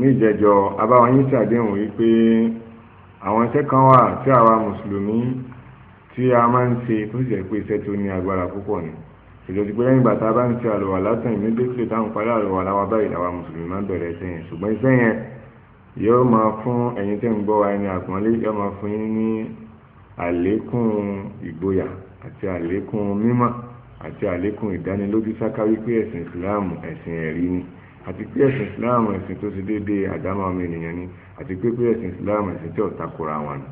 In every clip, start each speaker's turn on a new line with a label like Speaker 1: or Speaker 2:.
Speaker 1: ní ìjẹjọ abáwọn yín ṣàdéhùn wípé àwọn iṣẹ́ kan wà tí àwa mùsùlùmí tí a máa ń ṣe tó sì jẹ́ pé iṣẹ́ tó ní agbára púpọ̀ ni ìjọ ti pé lẹ́yìn ìgbà tá a bá ń ṣe àlùwà látàn ìmídékìlè táwọn parí àlùwà láwa báyìí làwa mùsùlùmí máa ń bẹ̀rẹ̀ iṣẹ́ yẹn ṣùgbọ́n iṣẹ́ yẹn yóò máa fún ẹ̀yin tẹ́ ń gbọ́ wa ẹni àpọ́nlé yóò máa fún yín ní àlékún ìgboyà àti àlékún mímọ̀ àti àlékún ìdánilójú sáká wípé ẹ̀sìn ìsìláàmù ẹ̀sìn ẹ̀rí ni àti pé ẹ̀sìn islam ẹ̀sìn tó ti déédéé àdámọ́ ọmọ ènìyàn ni àti pé pé ẹ̀sìn islam ẹ̀sìn tí ọ̀tá kura wọn ni.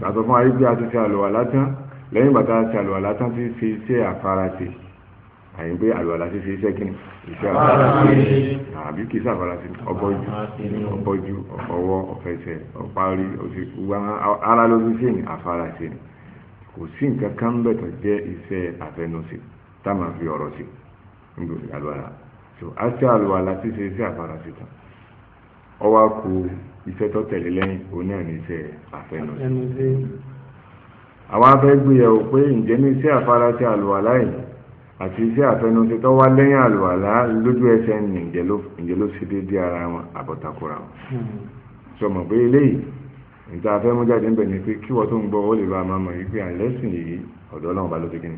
Speaker 1: sàtọ̀ fún ayé pé a ti ṣe àlùwàlá tán lẹ́yìn bàtà ti àlùwàlá tán ti fi iṣẹ́ àfarasí àyìn pé àlùwàlá ti fi iṣẹ́ kíni iṣẹ́ àfarasí àbí kì í ṣàfarasí ọbọ̀jú ọbọ̀jú ọwọ́ ọ̀fẹsẹ̀ ọ̀parí ara ló fi ṣe so àti àlùwàlà ti ṣe iṣẹ́ àfarasíta ọwọ́ kù iṣẹ́ tó tẹ̀lé lẹ́yìn oní àní iṣẹ́
Speaker 2: àfẹnusí.
Speaker 1: àwọn afẹ́ o pé ǹjẹ́ ní iṣẹ́ ti àlùwàlà yìí àti iṣẹ́ àfẹnusí wa wá lẹ́yìn àlùwàlà lójú ní ló ṣe ara wọn wọn. pé eléyìí níta ń pé kí a mọ̀ ọ̀dọ̀ ọlọ́run bá ló ti tí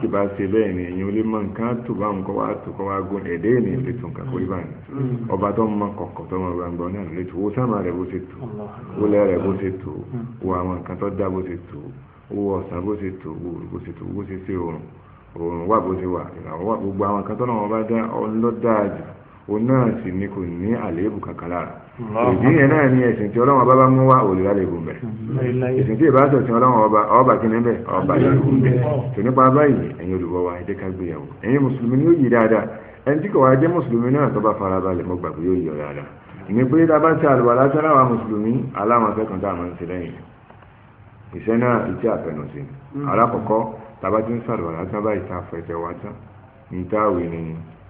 Speaker 1: kì bá ṣe bẹ́ẹ̀ ni ẹ̀yin olè mọ nǹkan tó bá ń kọ́ wá tó kọ́ wá gún ẹ̀dẹ́ ènìyàn lè tún kàkó ibà ni. ọba tó ń mọ kọ̀kọ̀ tó mọ gbangba náà lè tó wo sáàmà rẹ̀ bó ṣe tó wo lẹ́yà rẹ̀ bó ṣe tó mm. wo àwọn nǹkan tó dá bó ṣe tó wo ọ̀sán bó ṣe tó wo bó ṣe ṣe ṣe oòrùn wà bó ṣe wà gbogbo àwọn nǹkan tó náà wọn bá dá ọ ìdí yẹn náà ni ẹ̀sìn tí ọlọ́run ọba bá mú wá òlùwà lè gùn bẹ̀ ẹ̀sìn tí ìbáṣọ tí ọlọ́run ọba ọba kìíní bẹ̀ ọba lè gùn bẹ̀ tó nípa báyìí ẹ̀yin olùwọ́ wa ẹ̀jẹ̀ ká gbéyàwó ẹ̀yin mùsùlùmí ni ó yí dáadáa ẹni tí kò wá jẹ́ mùsùlùmí náà tó bá farabalẹ̀ mọ́ gbàgbé yóò yọ dáadáa ìní pé dábàá ti àlùwà látara àwọn mùsùlùmí aláwọn akẹ́kọ̀ọ́ tá a máa ń ṣe lẹ́yìn iṣẹ́ náà iṣẹ́ àfẹnusí mm. alákọ̀ọ́kọ́ tàbá ti ń sàlùwà látara báyìí tá a fẹsẹ̀ wá tán ní táwìí ni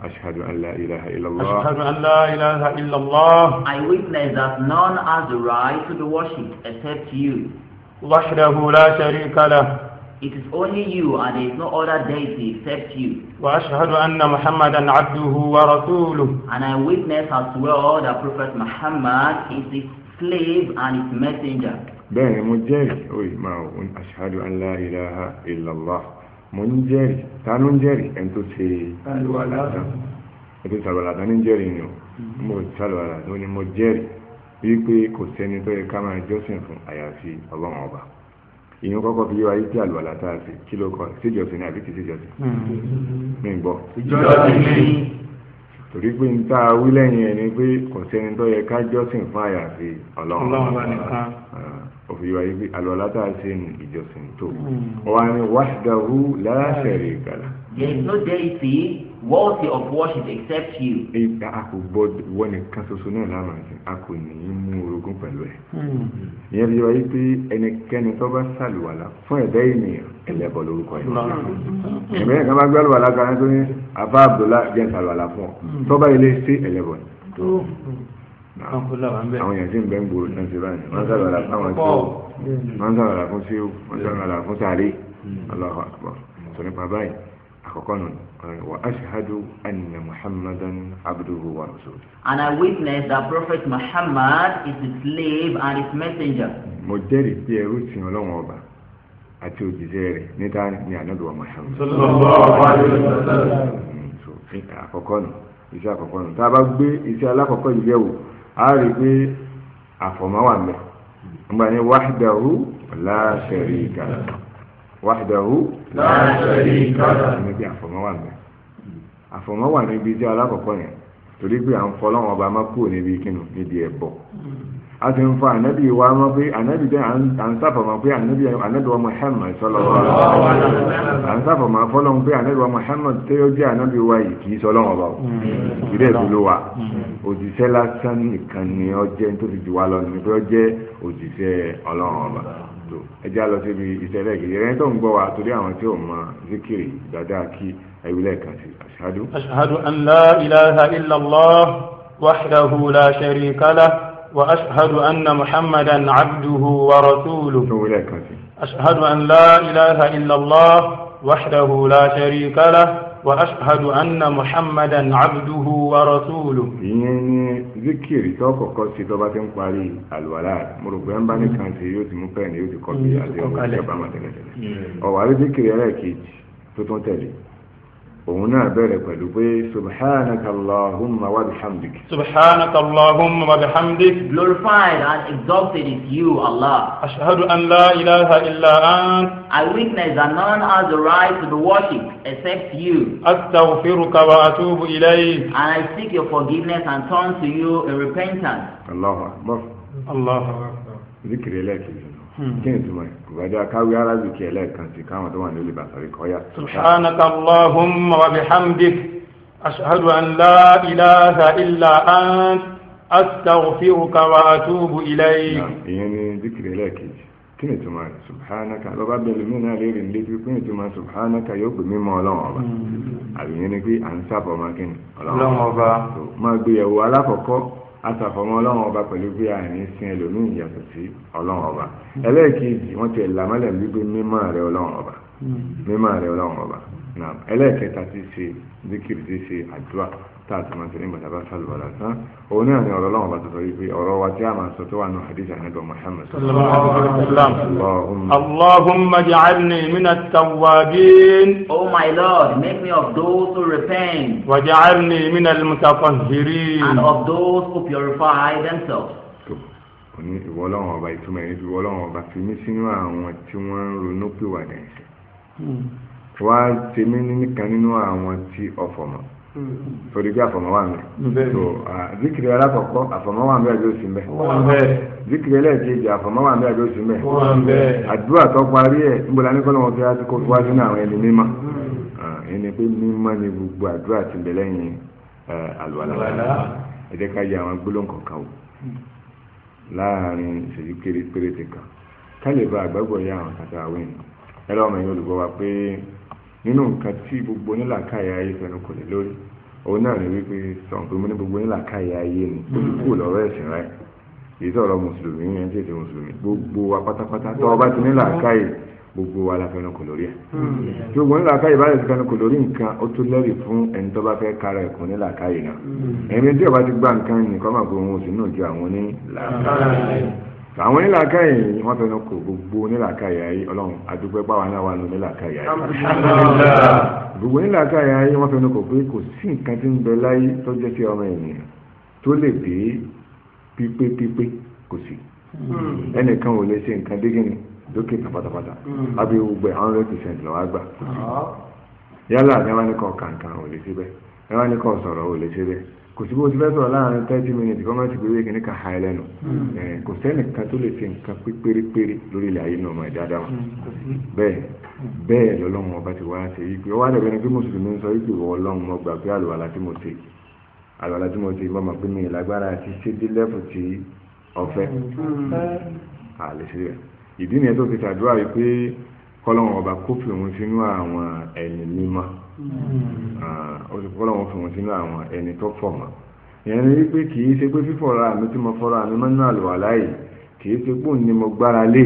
Speaker 1: أشهد أن لا إله إلا الله أشهد
Speaker 2: أن لا إله إلا الله I witness that none has the right to the worship except you وحده لا شريك له It is only you and there is no other deity except you وأشهد أن محمدا عبده ورسوله And I witness as well that Prophet Muhammad is his slave and his messenger
Speaker 1: بẹ́ẹ̀ni mo jẹ́rìí ما أشهد أن لا إله إلا الله mo ń jẹ́rìí ta ló ń jẹ́rìí ẹni tó ṣe ètò ìsàlùwàlàdá ní jẹ́rìí ni o mo ìsàlùwàlà tó ni mo jẹ́rìí wípé kò sẹ́ni tó yẹ ká máa jọ́sìn fún àyàfi ọlọ́run ọba ìyẹn kọ́kọ́ fi yíwa yìí tí àlùwàlà tá a ṣe kí ló kọ síjọsìn ni àbí kì í síjọsìn hmm. mi ń gbọ́. ìjọsìn ni torí pé n ta wí lẹ́yìn ẹni pé kò sẹ́ni tó yẹ ká jọ́sìn fún àyàfi ọlọ́run nìkan ah, òfin wáyé pé àlọ́lá tá a ṣe ní ìjọsìn tó hmm. wà ní wahdahu la sharika lah. yẹn ló dé ìsìn worthy of worship except you. a kò bọ wọn nìkan ṣoṣo náà lára ẹ̀sìn a kò ní í mú orogún pẹ̀lú ẹ̀. Hmm. ìyẹn bí wáyé pé ẹnikẹ́ni tó bá ṣàlùwàlá fún ẹ̀dá ènìyàn ẹlẹ́bọ̀ lórúkọ ẹ̀. ìbẹ̀rẹ̀ kan bá gbé àlùwàlá kan tó ní afa abdullahi jẹ́ ṣàlùwàlá fún ọ hmm. tó bá ilé sí ẹlẹ́bọ̀ ni. Oh. àwọn èèyàn sì ń bẹ́ ń gbòòrò náà ṣe báyìí wọ́n ṣàlùwàlá fún àwọn tí fún sí àkọ́kọ́ nù wa ashhadu anna muhammadan abduhu wa rasuluhu.
Speaker 2: and I witness that prophet Muhammad is his slave and his messenger.
Speaker 1: mo jẹ́rìí pé ẹrú sin ọlọ́run ọba àti òjìṣẹ́ rẹ̀ níta ni ànábì wa muhammed. sallallahu alaihi wasallam. Hmm, àkọ́kọ́ nù iṣẹ́ àkọ́kọ́ nù tá a bá gbé iṣẹ́ alákọ̀ọ́kọ́ yìí yẹ̀wò a rí i pé àfọ̀mọ́ wà mẹ́ nígbà yẹn wahdahu la sharika lahu wàhídàhù níbi àfọ̀mọ́ wà níbẹ̀ àfọ̀mọ́ wà níbi tí alákọ̀ọ́kọ́ yẹn torí pé à ń fọ́ lọ́wọ́ ọba máa kúrò níbi kínú níbi ẹ̀bọ a ti ń fọ ànábì wa mọ́ pé ànábì jẹ́ à ń sáfọ̀mọ́ pé ànábì wa Muhammad sọlọ́wọ́ à ń sáfọ̀mọ́ fọlọ́wọ́ pé ànábì wa Muhammad tí ó jẹ́ wa yìí kì í sọ ọba mm. ìdílé ìdúró wa mm. òjíṣẹ́ lásán nìkan ni ó jẹ́ tó fi lọ nípa ó jẹ́ òjíṣẹ́ ọba tó ẹjẹ́ lọ síbi ìṣẹ̀lẹ̀ kejì ẹ̀rẹ́ tó ń gbọ́ wa torí àwọn tí ò mọ zikiri dáadáa kí ẹ̀wílẹ̀ kan sí aṣáájú.
Speaker 2: aṣáájú an la ilaha illallah wahdahu la sharika lah wa aṣáájú anna muhammadan abduhu wa
Speaker 1: rasuluhu.
Speaker 2: aṣáájú an la ilaha illallah wahdahu la sharika lah. وأشهد أن محمدا عبده
Speaker 1: ورسوله يعني ذكر توقع قصي طبعا قاري الولاد مربين باني كان سيوت مكان يوتي قبي أو على ذكر يلاكي تتون تلي òun náà bẹ̀rẹ̀ pẹ̀lú pé subhanakallahumma wa bihamdik.
Speaker 2: subhanakallahumma wa bihamdik. glorified and exalted is you Allah. ashahadu an la ilaha illa ant. I witness that none has the right to be worshipped except you. astaghfiruka wa atubu ilayk. and I seek your forgiveness and turn to you in repentance.
Speaker 1: Allahu akbar. Allahu akbar. zikiri lẹ́ẹ̀kejì. Hmm. kí ni tuma ìgbàjọ akáwé arábìkì ẹlẹ́ẹ̀kan sí káwọn tó wà ní olùbà sọ̀rọ̀ kọ́ yá.
Speaker 2: subhanaka allahumma wa an la ilaha illa ant astaghfiruka wa atubu ilayk.
Speaker 1: ìyẹn ni díkìrì ẹlẹ́ẹ̀kejì subhanaka bẹ̀rẹ̀ mí náà ní létí asàfọ̀mọ́ ọlọ́run ọba pẹ̀lú bí àárín sin ẹlòmíì yàtọ̀ sí ọlọ́run ọba ẹlẹ́ẹ̀kejì wọ́n ti là mọ́lẹ̀ wípé mímọ́ rẹ ọlọ́run ọba hmm. mímọ́ rẹ ọlọ́run ọba ẹlẹ́ẹ̀kẹta ti ṣe zikiri ti ṣe àdúrà táàtì máa ti ní bàtàbà sálùbà lásán òun náà ni ọ̀rọ̀ ọlọ́run bá tó sọ yìí pé ọ̀rọ̀ wa tí a máa sọ tó wà nù hadith anabi muhammad.
Speaker 2: allahumma ja'alni oh my lord make me of those who repent. wa من min and of those who purify themselves.
Speaker 1: òní ìwọ ọlọ́run ọba ìtumọ̀ ẹni ìwọ ọlọ́run ọba fi mí sínú àwọn tí wọ́n ń ronú pìwàdà ẹ̀ṣẹ̀. Hmm wa wàá ṣe mí nìkan nínú àwọn tí ọ̀fọ̀mọ̀ hmm. torí pé àfọ̀mọ́ wà mí hmm, so zikiri alákọ̀ọ́kọ́ àfọ̀mọ́ wà mí àbí òsì mbẹ́ zikiri ẹlẹ́ẹ̀kejì àfọ̀mọ́ wà mí àbí òsì mbẹ́ àdúrà tó parí ẹ̀ ń bọ̀dá ní kọ́lọ́mọ́ fi àti kó wá sínú àwọn ẹni mímọ́ hmm. ẹni pé mímọ́ ni gbogbo àdúrà ti bẹ̀ lẹ́yìn àlùwàlà ẹ jẹ́ ká yẹ àwọn gbólóhùn kọ̀ọ̀kan wò láàrin ìṣèjú péréte kan ká lè ba àgbàgbọ́ yẹ àwọn kàtà àwìn ẹ yẹn olùgbọ́ wa pé nínú nǹkan tí gbogbo onílàkàyà ayé fẹnu kò lè lórí òun náà ni wípé sọ̀ǹpé mo ní gbogbo onílàkàyà ayé ni ó ti kúrò lọ́rọ̀ ẹ̀sìn rẹ̀ èyí sọ̀rọ̀ mùsùlùmí yẹn tí èdè mùsùlùmí gbogbo wa pátápátá tó ọba ti nílàkàyè gbogbo wa la fẹnu kò lórí ẹ̀
Speaker 2: hmm. tí
Speaker 1: gbogbo onílàkàyè bá lè fẹnu kò lórí nǹkan ó tún lẹ́rì fún ẹni tó bá fẹ́ kára ẹ̀kún nílàkàyè náà hmm. ẹni tí ọba ti gbá nǹkan nìkan máa gbóhùn òsì náà ju àwọn onílàkàyè hmm àwọn nílàkà yìí wọ́n fẹnu kò gbogbo nílàkà yà yìí ọlọ́run àdúgbò ẹgbà wà náà wà nù nílàkà yà yìí gbogbo nílàkà yà yìí wọ́n fẹnu kò pé kò sí nǹkan tí ń bẹ láyé tó jẹ́ sí ọmọ ènìyàn tó lè dé pípé pípé kò sí hmm. ẹnìkan ò lè ṣe nǹkan dé gíní lókè tán pátápátá hmm. àbí gbogbo hundred percent lọ́wọ́ àgbà ah. yálà ní wọn ní kọ kàǹkàn ò lè ṣe bẹ́ẹ̀ ní wọn ní kọ sọ̀rọ̀ ò lè ṣe bẹ́ẹ̀ kò sí bó ti fẹ́ sọ̀rọ̀ láàrin thirty minutes kọ́ máa ti péré kìíní hmm. kan ha ẹlẹ́nu kò sẹ́nìkan tó lè fi nǹkan pé pérépéré lórí ilẹ̀ ayé náà ọmọ ẹ̀dá dáhùn
Speaker 2: hmm, bẹ́ẹ̀ hmm.
Speaker 1: bẹ́ẹ̀ lọ́lọ́run ọba ti wá ṣe wípé ó wá dẹ̀bẹ̀ ni pé mùsùlùmí ń sọ wípé ìwọ ọlọ́run mo gbà pé àlùwàlà tí mo ṣe àlùwàlà tí mo ṣe mọ́ mọ́ pé mi ìlágbára ti ṣe dé lẹ́fù tí ọ̀fẹ́ àlè ṣe ìdí nìyẹn tó fi ṣàdúrà wípé kọ́lọ́wọ́n ọba kó fi wọn sínú àwọn ẹni mímọ́
Speaker 2: hmm.
Speaker 1: ah, ó sì kọ́lọ́wọ́n fi wọn sínú àwọn ẹni tó fọ̀ mọ́ ìyẹn ni wípé kì í ṣe pé fífọ̀ra mi tí mo fọ́ra mi mọ́ náà láàyè kì í ṣe pé òun ni mo gbára lé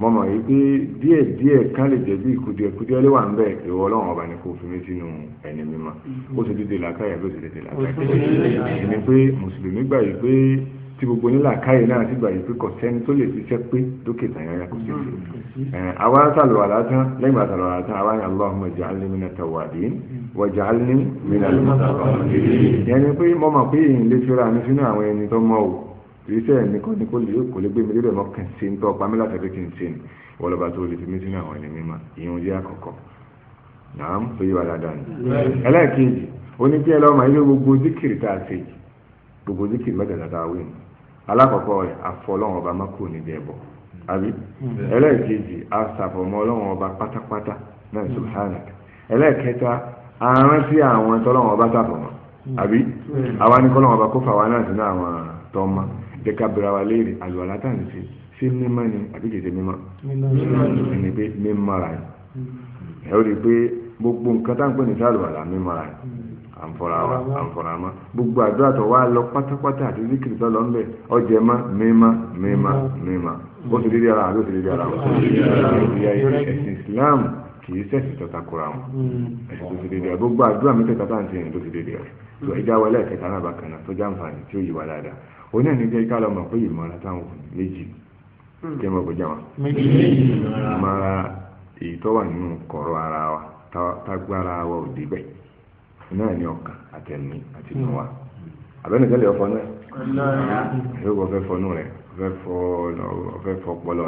Speaker 1: mo mọ̀ wípé díẹ̀ díẹ̀ kan lè jẹ́ bí ìkúdíẹ̀ kúdíẹ̀ lè wà ń bẹ̀ ìwọ ọlọ́run ọba ni kò fi mí sínú ẹni mímọ́ ó sì dédé làákàyà bí sì dédé làákàyà ìyẹn ni pé mùsùlùmí tí gbogbo yín là káyè náà ti gbà yìí pé kò sẹ́ni tó lè ṣiṣẹ́ pé dókè tàyẹ̀rẹ̀ kò sí ṣe. Mm, àwa sàlùwà látàn lẹ́yìn bá sàlùwà látàn àwa ni Allahumma ij'alni mina tawwabin waj'alni mina al-mutatahhirin. yẹn ni pé mo mọ̀ pé èyí lè ṣọ́ra mi sínú àwọn ẹni tó mọ̀ o kì í ṣe ẹni kan ni kò lè kò lè gbé mi lébẹ̀ mọ́ kàn sí tó ọ̀pá mi láti fi kì í ni wọlọ́ba tó lè fi mí sínú àwọn ẹni mímọ́ ìyẹn jẹ́ àkọ́kọ́ náà tó yí wa dáadáa ni. ẹlẹ́ẹ̀kejì gbogbo zikiri tá a ṣe alákọ̀ọ́kọ́ rẹ̀ afọ ọlọ́run ọba má kúrò níbi ẹ̀bọ àbí ẹlẹ́ẹ̀kejì asàfọ̀mọ́ ọlọ́run ọba pátápátá náà subhanak ẹlẹ́ẹ̀kẹta arántí àwọn tọ́lọ́run ọba sàfọ̀mọ́ abi, hmm. àwa ní kọ́lọ́run ọba kó fà wá náà sínú àwọn tọ́mọ jẹ́ka bẹ̀rẹ̀ wa léèrè àlùwàlá tá à ń ṣe ṣé mímọ́ ni àbí kìí ṣe mímọ́ pé mímọ́ra ẹ̀ hmm. ẹ̀ ó rí pé gbogbo nǹkan tá à pè ní sàlùwàlá mímọ́ra ẹ̀ àǹfọ̀ràwà àǹfọ̀ràmà gbogbo àdúrà tó wá lọ pátápátá àti zikiri tó lọ ń bẹ ọjẹ má mímá mímá mímá ó ti rírí ara àbí ó ti rírí ara wọn ẹ̀sìn Islam kì í sẹ̀sì tọ́ta kura wọn ẹ̀sìn tó ti rírí ara gbogbo àdúrà mẹ́tẹ̀ẹ̀ta tá à ń ṣe yẹn tó ti rírí ara tó ẹja wọlé ẹ̀kẹta náà bákan náà tó jáǹfààní tí ó yí wa dáadáa òun náà ní jẹ́ ká lọ mọ̀ pé ìmọ̀ra táwọn méjì hmm. kí ẹ mọ̀ kó náà ní ọkàn àtẹ̀mí àti inú wa àbẹ́ni tẹ́lẹ̀ ọ̀fọ́ náà yóò gbọ́ fẹ́ fọnú rẹ̀ ọ̀fẹ́ fọ ọpọlọ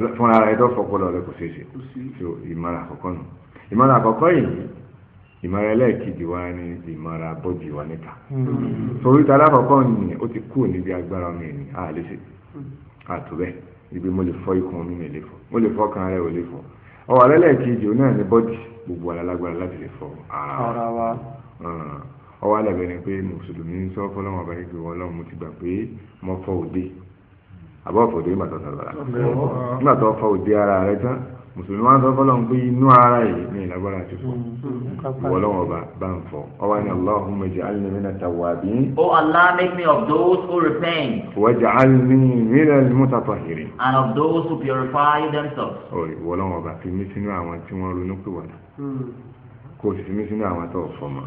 Speaker 1: rẹ̀ fúnra rẹ̀ tó fọ ọpọlọ rẹ̀ kò ṣeé ṣe so ìmọ̀ràn àkọ́kọ́ nù ìmọ̀ràn àkọ́kọ́ yìí ìmọ̀ràn ẹlẹ́ẹ̀kejì wa ni ìmọ̀ràn bọ́dì wa níta torí ta alákọ̀ọ́kọ́ ni ó ti kú níbi agbára ọmọ ènìyàn á lè ṣe àtúbẹ̀ ibi mo lè fọ ikùn mi mi lè fọ mo lè fọ kan rẹ̀ ò lè fọ ọ̀rọ̀ ẹlẹ́ẹ̀kejì ni bọ́dì gbogbo alágbára láti lè fọ ara wa ah, ọwọ́ alàbẹ̀ ni pé mùsùlùmí ń sọ fọlọ́mọ bá yípe wọn lọ́mú ti gbà pé mo fọ òde àbọ̀ fòde nígbà tó sàlọ́ra nígbà tó fọ òde ara rẹ tán mùsùlùmí wọn sọ fọlọ́n pé inú ara yìí ní ìlágbára ti fọ ìwọlọ́wọ́ bá bá ń fọ ọwọ́ ni allahumma ij'alni mina tawwabin.
Speaker 2: Oh Allah, make me of those who repent.
Speaker 1: waj'alni minal mutatahhirin.
Speaker 2: and of those who purify themselves.
Speaker 1: ọ ìwọlọ́wọ́ bá fi mí sínú àwọn tí wọ́n ronú pé wà mm-hmm. kó o sì fi mí sínú àwọn tó fọ́ mọ́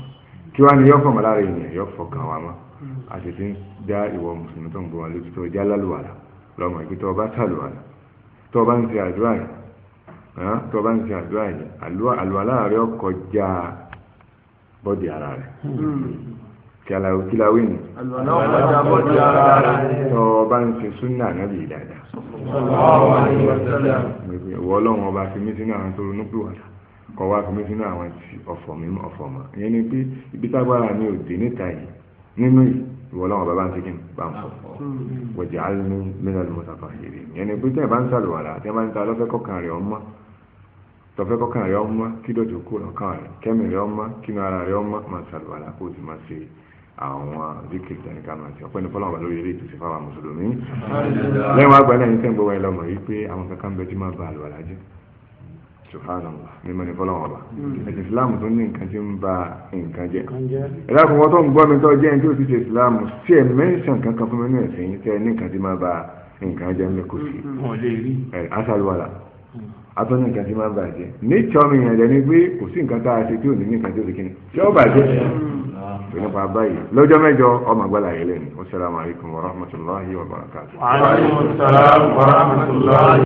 Speaker 1: kí wàá ní yọ fọmọ lára ènìyàn yọ fọkàn wa mọ́ mm-hmm. a sì ti ń dá ìwọ mùsùlùmí tó ń bọ̀ wọn lójú tó tó bá ń ṣe àdúrà yìí àlùwà láàárẹ̀ ọkọ̀ já bọ́dì ara rẹ̀ kìláwó kìláwó ni tó bá ń ṣe súnà nábì dáadáa ìwọ ọlọ́run ọba fi mí sínú àwọn tó ronú pé wàdà kọ wá fi sínú àwọn tí ọ̀fọ̀ mi ọ̀fọ̀ mọ́ ìyẹn ni pé ibi tágbára mi ò dé níta yìí nínú yìí ìwọ ọlọ́run ọba bá ń ṣe kí n bá ń fọ̀ wọ̀jà á ní mẹ́ta ló mọ́ta ìyẹn ni pé tẹ́ ẹ bá ń sàlùwàlà tẹ́ ẹ bá ń ta lọ́fẹ́ kọ̀ọ̀kan rẹ̀ ọmọ tọ́fẹ́ kọ́kàn rẹ̀ ọmọ kí dọ̀tí kó lọ́kàn rẹ̀ kẹ́mì rẹ̀ ọmọ kí ara rẹ̀ ọmọ máa ṣàlùwàlá kó sì máa ṣe àwọn zikiri tẹnika máa ṣe ọpẹ́ ní fọlọ́wọ́ lórí eré ìtòsí fáwọn mùsùlùmí. lẹ́yìn wá gba lẹ́yìn sẹ́ńgbọ́ wáyé lọ́mọ yìí pé àwọn kankan bẹ tí máa ba àlùwàlá jẹ́ subhanallah mímọ ní fọlọ́wọ́ bá hmm. ẹ̀sìn islam tó ní nǹkan tí ń ba nǹkan jẹ́ ẹ̀dáàkùn wọn tó ń atọ́ni nǹkan tí máa ń bàjẹ́ nature mi yàn lẹ́ni pé kò sí nǹkan tá a ṣe tí ò ní ní nǹkan tí ó fi kíni tí ó bàjẹ́ tó nípa báyìí lọ́jọ́ mẹ́jọ ọmọ àgbàlá yẹlẹ́ni wasalaamu alaykum wa rahmatulahi wa wa alaykum wa rahmatulahi.